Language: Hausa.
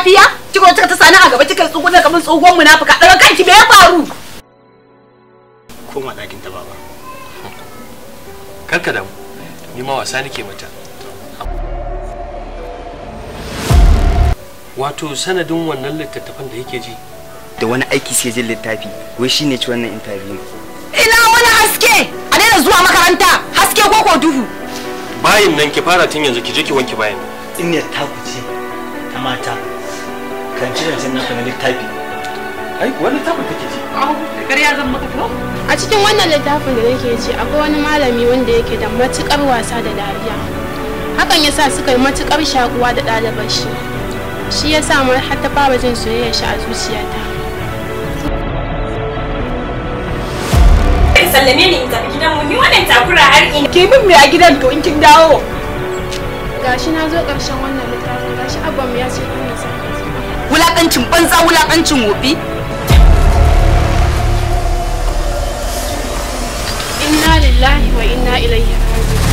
lafiya kika wata ta sani a gaba kika tsuguna kamar tsogon munafuka daga kanki me ya faru koma dakin ta baba karka mu ni ma wasa nake mata wato sanadin wannan littattafan da yake ji da wani aiki sai jin littafi wai shine ci wannan interview ina wani haske a daina zuwa makaranta haske ko ko duhu bayin nan ki fara tun yanzu ki je ki wanke bayin in ne ta ku ce ta mata fahimci zancen naka na littafi ai wani littafin kake ji ƙarya zan maka ko a cikin wannan littafin da nake ji akwai wani malami wanda yake da matukar wasa da dariya hakan yasa suka yi matukar shakuwa da ɗaliban shi shi sa ma har ta fara jin soyayyar shi a zuciyata sallame ni in tafi gidanmu ni wannan takura har ina ke bin me a gidan to in kin dawo gashi na zo ƙarshen wannan littafin gashi abban ya ce kun yi wulakancin banza wulakancin wofi inna lillahi wa inna ilaihi raji'un